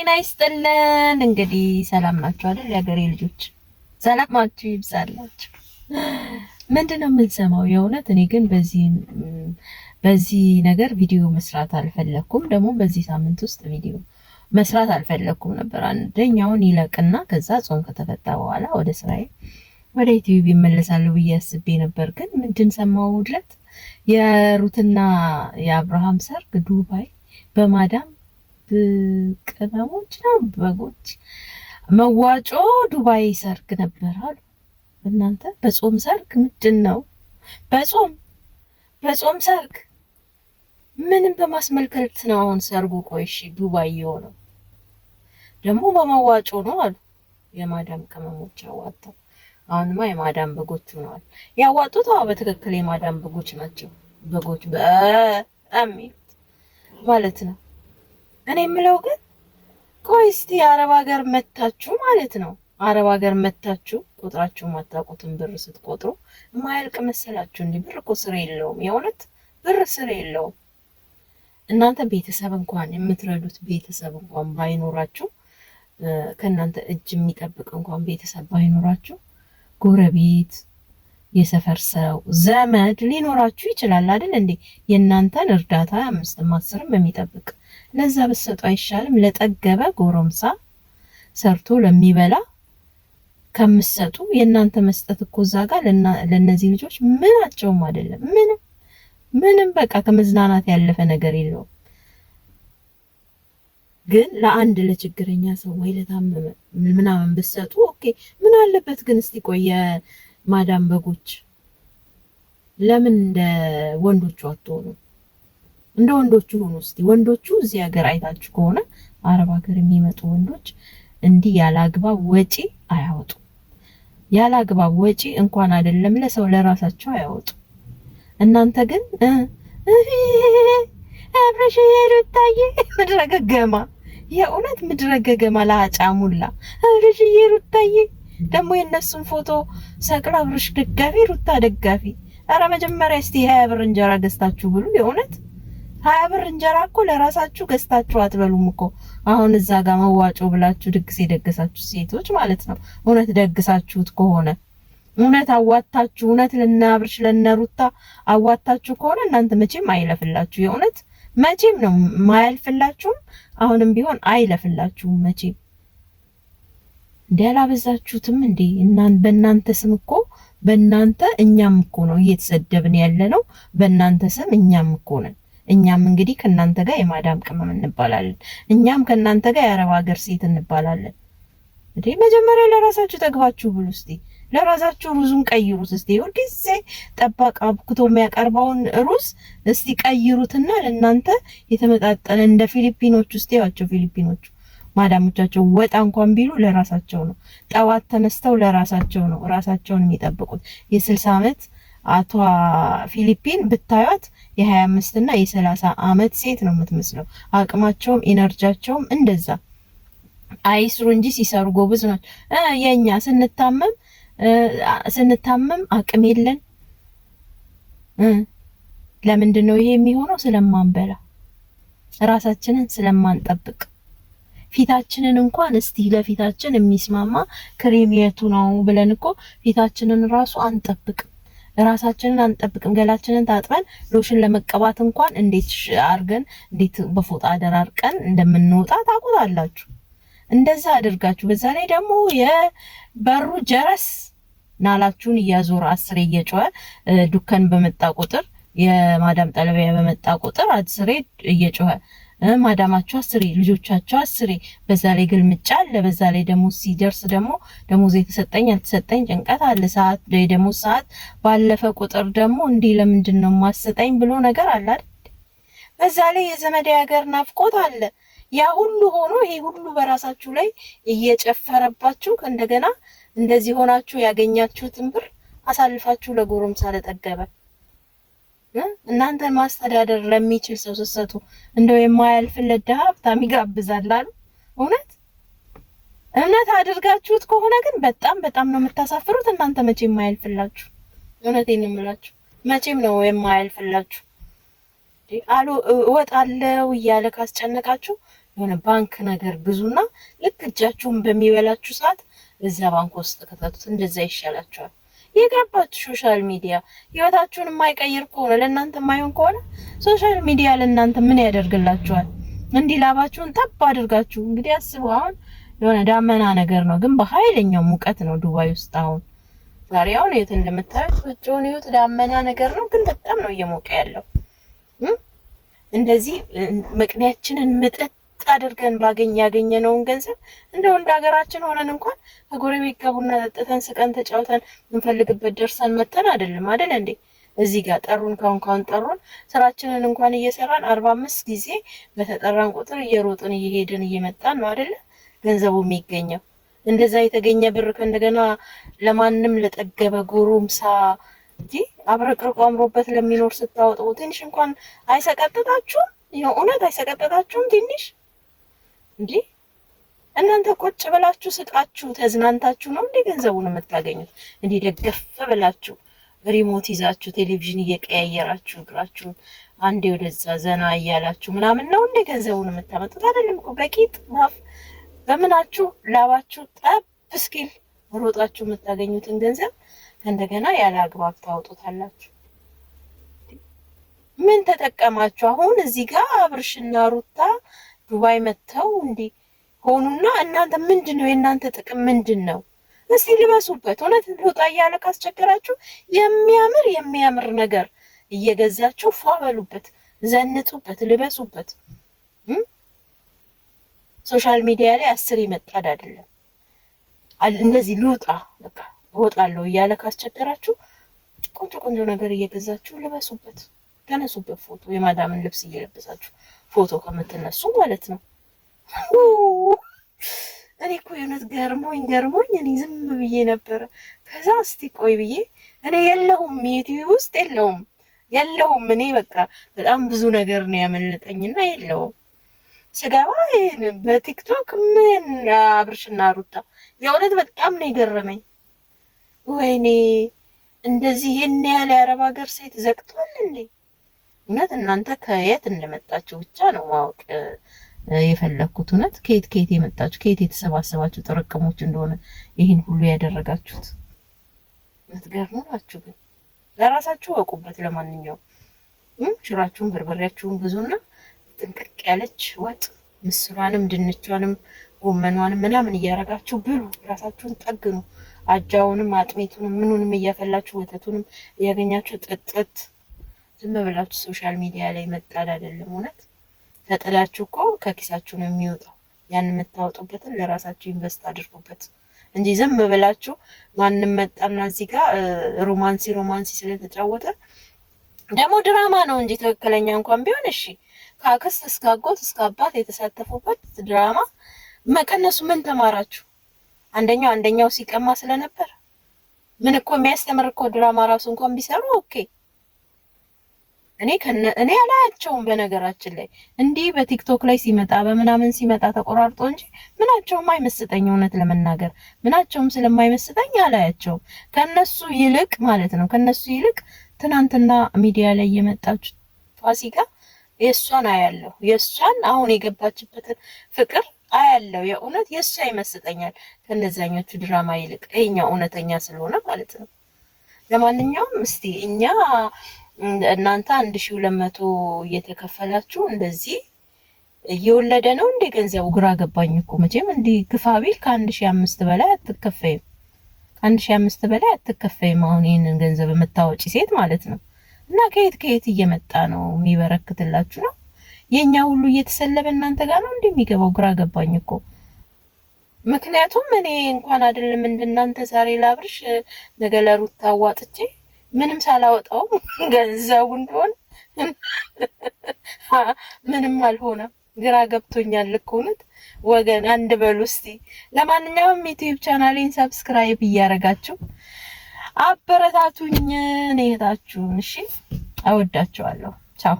ጤና ይስጥልን። እንግዲህ ሰላም ናችሁ አይደል? የሀገሬ ልጆች ሰላማችሁ ይብዛላችሁ። ምንድን ነው የምንሰማው? የእውነት እኔ ግን በዚህ በዚህ ነገር ቪዲዮ መስራት አልፈለግኩም። ደግሞ በዚህ ሳምንት ውስጥ ቪዲዮ መስራት አልፈለግኩም ነበር። አንደኛውን ይለቅና ከዛ ጾም ከተፈታ በኋላ ወደ ስራዬ ወደ ዩቲዩብ ይመለሳሉ ብዬ አስቤ ነበር። ግን ምንድን ሰማው ውድለት የሩትና የአብርሃም ሰርግ ዱባይ በማዳም ቅመሞች ነው በጎች መዋጮ ዱባይ ሰርግ ነበር አሉ። እናንተ በጾም ሰርግ ምንድን ነው? በጾም በጾም ሰርግ ምንም በማስመልከት ነው አሁን ሰርጉ? ቆይሽ ዱባይ የሆነው ደግሞ በመዋጮ ነው አሉ። የማዳም ቅመሞች ያዋጣው አሁንማ የማዳም በጎች ሆነዋል። ያዋጡት አዎ በትክክል የማዳም በጎች ናቸው። በጎች በጣም ማለት ነው። እኔ የምለው ግን ቆይ እስቲ አረብ ሀገር መታችሁ ማለት ነው። አረብ ሀገር መታችሁ ቁጥራችሁ ማታውቁትን ብር ስትቆጥሩ ማያልቅ መሰላችሁ? እንዲህ ብር እኮ ስር የለውም። የእውነት ብር ስር የለውም። እናንተ ቤተሰብ እንኳን የምትረዱት ቤተሰብ እንኳን ባይኖራችሁ ከእናንተ እጅ የሚጠብቅ እንኳን ቤተሰብ ባይኖራችሁ ጎረቤት፣ የሰፈር ሰው፣ ዘመድ ሊኖራችሁ ይችላል አይደል እንዴ? የእናንተን እርዳታ አምስትም አስርም የሚጠብቅ ለዛ በሰጡ አይሻልም? ለጠገበ ጎረምሳ ሰርቶ ለሚበላ ከምሰጡ የእናንተ መስጠት እኮ እዛ ጋር ለእነዚህ ልጆች ምናቸውም አይደለም። ምንም ምንም በቃ ከመዝናናት ያለፈ ነገር የለውም። ግን ለአንድ ለችግረኛ ሰው ወይ ለታመመ ምናምን ብትሰጡ ኦኬ፣ ምን አለበት ግን እስቲ ቆየ ማዳም በጎች ለምን እንደ ወንዶቹ አትሆኑም? እንደ ወንዶቹ ሆኑ። እስቲ ወንዶቹ እዚህ ሀገር አይታችሁ ከሆነ አረብ ሀገር የሚመጡ ወንዶች እንዲህ ያለ አግባብ ወጪ አያወጡ። ያለ አግባብ ወጪ እንኳን አይደለም ለሰው ለራሳቸው አያወጡ። እናንተ ግን አብረሽ ሩታዬ ምድረገገማ የእውነት ምድረገገማ ሙላ አብረሽ ሩታዬ ደግሞ የእነሱን ፎቶ ሰቅላ አብረሽ ደጋፊ ሩታ ደጋፊ። ኧረ መጀመሪያ እስቲ ሀያ ብር እንጀራ ገዝታችሁ ብሉ የእውነት ሀያ ብር እንጀራ እኮ ለራሳችሁ ገዝታችሁ አትበሉም እኮ። አሁን እዛ ጋር መዋጮ ብላችሁ ድግስ የደገሳችሁ ሴቶች ማለት ነው። እውነት ደግሳችሁት ከሆነ እውነት አዋታችሁ እውነት ለናብርሽ ለነሩታ አዋታችሁ ከሆነ እናንተ መቼም አይለፍላችሁ። የእውነት መቼም ነው ማያልፍላችሁም። አሁንም ቢሆን አይለፍላችሁም መቼም። እንዲህ አላበዛችሁትም እንዴ? እናን በእናንተ ስም እኮ በእናንተ እኛም እኮ ነው እየተሰደብን ያለ ነው። በእናንተ ስም እኛም እኮ ነን። እኛም እንግዲህ ከእናንተ ጋር የማዳም ቅመም እንባላለን። እኛም ከእናንተ ጋር የአረብ ሀገር ሴት እንባላለን። እንዴ መጀመሪያ ለራሳችሁ ተግባችሁ ብሉ እስቲ። ለራሳችሁ ሩዙን ቀይሩት እስቲ። ሁልጊዜ ጠባቅ አብክቶ የሚያቀርበውን ሩዝ እስቲ ቀይሩትና ለእናንተ የተመጣጠነ እንደ ፊሊፒኖች ውስጥ ያቸው ፊሊፒኖቹ ማዳሞቻቸው ወጣ እንኳን ቢሉ ለራሳቸው ነው። ጠዋት ተነስተው ለራሳቸው ነው ራሳቸውን የሚጠብቁት የስልሳ ዓመት አቷ ፊሊፒን ብታዩት የ25 እና የ30 አመት ሴት ነው የምትመስለው። አቅማቸውም ኢነርጃቸውም እንደዛ አይስሩ እንጂ ሲሰሩ ጎብዝ ናቸው። የኛ ስንታመም ስንታመም አቅም የለን። ለምንድን ነው ይሄ የሚሆነው? ስለማንበላ፣ ራሳችንን ስለማንጠብቅ። ፊታችንን እንኳን እስቲ ለፊታችን የሚስማማ ክሬም የቱ ነው ብለን እኮ ፊታችንን ራሱ አንጠብቅም። ራሳችንን አንጠብቅም። ገላችንን ታጥበን ሎሽን ለመቀባት እንኳን እንዴት አርገን እንዴት በፎጣ አደራርቀን እንደምንወጣ ታውቁታላችሁ። እንደዛ አድርጋችሁ በዛ ላይ ደግሞ የበሩ ጀረስ ናላችሁን እያዞረ አስሬ እየጮኸ ዱከን በመጣ ቁጥር የማዳም ጠለቢያ በመጣ ቁጥር አስሬ እየጮኸ ማዳማቸው አስሬ ልጆቻቸው አስሬ፣ በዛ ላይ ግልምጫ አለ። በዛ ላይ ደሞዝ ሲደርስ ደግሞ ደሞዝ የተሰጠኝ ያልተሰጠኝ ጭንቀት አለ። ሰዓት ላይ ደሞዝ ሰዓት ባለፈ ቁጥር ደግሞ እንዲህ ለምንድን ነው ማሰጠኝ ብሎ ነገር አለ አይደል? በዛ ላይ የዘመድ ሀገር ናፍቆት አለ። ያ ሁሉ ሆኖ ይሄ ሁሉ በራሳችሁ ላይ እየጨፈረባችሁ እንደገና እንደዚህ ሆናችሁ ያገኛችሁትን ብር አሳልፋችሁ ለጎረምሳ ለጠገበ እናንተን ማስተዳደር ለሚችል ሰው ስትሰጡ እንደው የማያልፍለት ድሀ ሀብታም ይጋብዛል አሉ። እውነት እምነት አድርጋችሁት ከሆነ ግን በጣም በጣም ነው የምታሳፍሩት። እናንተ መቼ የማያልፍላችሁ እውነቴን የምላችሁ መቼም ነው የማያልፍላችሁ። አሉ እወጣለው እያለ ካስጨነቃችሁ የሆነ ባንክ ነገር ብዙና ልክ እጃችሁን በሚበላችሁ ሰዓት እዛ ባንክ ውስጥ ከተቱት፣ እንደዛ ይሻላችኋል። የገባችሁ ሶሻል ሚዲያ ህይወታችሁን የማይቀይር ከሆነ ለእናንተ የማይሆን ከሆነ ሶሻል ሚዲያ ለእናንተ ምን ያደርግላችኋል? እንዲህ ላባችሁን ጠብ አድርጋችሁ እንግዲህ አስቡ። አሁን የሆነ ዳመና ነገር ነው፣ ግን በኃይለኛው ሙቀት ነው ዱባይ ውስጥ አሁን ዛሬ አሁን የት እንደምታዩት ውጭውን ህይወት ዳመና ነገር ነው፣ ግን በጣም ነው እየሞቀ ያለው። እንደዚህ ምክንያችንን ምጠት አድርገን ባገኝ ያገኘነውን ገንዘብ እንደው እንደ ሀገራችን ሆነን እንኳን ከጎረቤት ጋር ቡና ጠጥተን ስቀን ተጫውተን ምንፈልግበት ደርሰን መተን አይደለም አይደል እንዴ? እዚህ ጋር ጠሩን፣ ካሁን ካሁን ጠሩን። ስራችንን እንኳን እየሰራን አርባ አምስት ጊዜ በተጠራን ቁጥር እየሮጥን እየሄድን እየመጣን ነው አይደለ ገንዘቡ የሚገኘው። እንደዛ የተገኘ ብር ከእንደገና ለማንም ለጠገበ ጎሮምሳ እንጂ አብረቅርቆ አምሮበት ለሚኖር ስታወጡ ትንሽ እንኳን አይሰቀጥጣችሁም? እውነት አይሰቀጥጣችሁም ትንሽ እንዴ እናንተ ቁጭ ብላችሁ ስቃችሁ ተዝናንታችሁ ነው እንዴ ገንዘቡን የምታገኙት? እንዲህ ደገፍ ብላችሁ ሪሞት ይዛችሁ ቴሌቪዥን እየቀያየራችሁ እግራችሁ አንዴ ወደዛ ዘና እያላችሁ ምናምን ነው እንዴ ገንዘቡን የምታመጡት? አይደለም እኮ በቂጥ ማፍ በምናችሁ ላባችሁ ጠብ እስኪል ሮጣችሁ የምታገኙትን ገንዘብ እንደገና ያለ አግባብ ታወጡታላችሁ። ምን ተጠቀማችሁ? አሁን እዚህ ጋር አብርሽና ሩታ ዱባይ መጥተው እንዲህ ሆኑና እናንተ ምንድን ነው የእናንተ ጥቅም ምንድን ነው? እስቲ ልበሱበት። እውነት ልውጣ እያለ ካስቸገራችሁ የሚያምር የሚያምር ነገር እየገዛችሁ ፏበሉበት፣ ዘንጡበት፣ ልበሱበት። ሶሻል ሚዲያ ላይ አስር ይመጣል አይደለም እንደዚህ ልውጣ በቃ እወጣለሁ እያለ ካስቸገራችሁ ቆንጆ ቆንጆ ነገር እየገዛችሁ ልበሱበት። ተነሱበት ፎቶ። የማዳምን ልብስ እየለበሳችሁ ፎቶ ከምትነሱ ማለት ነው። እኔ እኮ የእውነት ገርሞኝ ገርሞኝ እኔ ዝም ብዬ ነበረ። ከዛ እስቲ ቆይ ብዬ እኔ የለሁም ዩቲዩብ ውስጥ የለውም የለውም። እኔ በቃ በጣም ብዙ ነገር ነው ያመለጠኝና የለውም ስገባ በቲክቶክ ምን አብርሽና ሩታ የእውነት በጣም ነው የገረመኝ። ወይኔ እንደዚህ ይህን ያህል የአረብ ሀገር ሴት ዘግቷል እንዴ? እውነት እናንተ ከየት እንደመጣችሁ ብቻ ነው ማወቅ የፈለግኩት። እውነት ከየት ከየት የመጣችሁ ከየት የተሰባሰባችሁ ጥርቅሞች እንደሆነ ይህን ሁሉ ያደረጋችሁት ነው ናችሁ። ግን ለራሳችሁ አውቁበት። ለማንኛውም ሽራችሁን በርበሬያችሁን ብዙና ጥንቅቅ ያለች ወጥ ምስሏንም ድንቿንም ጎመኗንም ምናምን እያረጋችሁ ብሉ። ራሳችሁን ጠግኑ። አጃውንም አጥሜቱንም ምኑንም እያፈላችሁ ወተቱንም እያገኛችሁ ጥጥት ዝም ብላችሁ ሶሻል ሚዲያ ላይ መጣል አይደለም። እውነት ተጥላችሁ እኮ ከኪሳችሁ ነው የሚወጣው። ያን የምታወጡበትን ለራሳችሁ ኢንቨስት አድርጉበት እንጂ ዝም ብላችሁ ማንም መጣና እዚህ ጋር ሮማንሲ ሮማንሲ ስለተጫወተ ደግሞ ድራማ ነው እንጂ ትክክለኛ እንኳን ቢሆን እሺ፣ ከአክስት እስከ አጎት እስከ አባት የተሳተፉበት ድራማ መቀነሱ ምን ተማራችሁ? አንደኛው አንደኛው ሲቀማ ስለነበር ምን እኮ የሚያስተምር እኮ ድራማ ራሱ እንኳን ቢሰሩ ኦኬ እኔ ከነ እኔ አላያቸውም። በነገራችን ላይ እንዲህ በቲክቶክ ላይ ሲመጣ በምናምን ሲመጣ ተቆራርጦ እንጂ ምናቸውም አይመስጠኝ። እውነት ለመናገር ምናቸውም ስለማይመስጠኝ አላያቸውም። ከነሱ ይልቅ ማለት ነው ከነሱ ይልቅ ትናንትና ሚዲያ ላይ የመጣች ፋሲካ የእሷን አያለሁ። የእሷን አሁን የገባችበትን ፍቅር አያለሁ። የእውነት የእሷ ይመስጠኛል ከእነዚያኞቹ ድራማ ይልቅ ይሄኛው እውነተኛ ስለሆነ ማለት ነው። ለማንኛውም እስቲ እኛ እናንተ አንድ ሺ ሁለት መቶ እየተከፈላችሁ እንደዚህ እየወለደ ነው እንደ ገንዘቡ ግራ ገባኝ እኮ መቼም እንዲህ ግፋቢል ከአንድ ሺ አምስት በላይ አትከፈይም ከአንድ ሺ አምስት በላይ አትከፈይም አሁን ይህንን ገንዘብ የምታወጪ ሴት ማለት ነው እና ከየት ከየት እየመጣ ነው የሚበረክትላችሁ ነው የእኛ ሁሉ እየተሰለበ እናንተ ጋር ነው የሚገባው ግራ ገባኝ እኮ ምክንያቱም እኔ እንኳን አይደለም እንደናንተ ዛሬ ላብርሽ ነገ ለሩት ታዋጥቼ ምንም ሳላወጣው ገንዘቡ እንደሆነ ምንም አልሆነም። ግራ ገብቶኛል። ልክ እውነት ወገን አንድ በሉ እስቲ። ለማንኛውም ዩቲዩብ ቻናሌን ሰብስክራይብ እያደረጋችሁ አበረታቱኝ። እኔ እህታችሁን እሺ። አወዳችኋለሁ። ቻው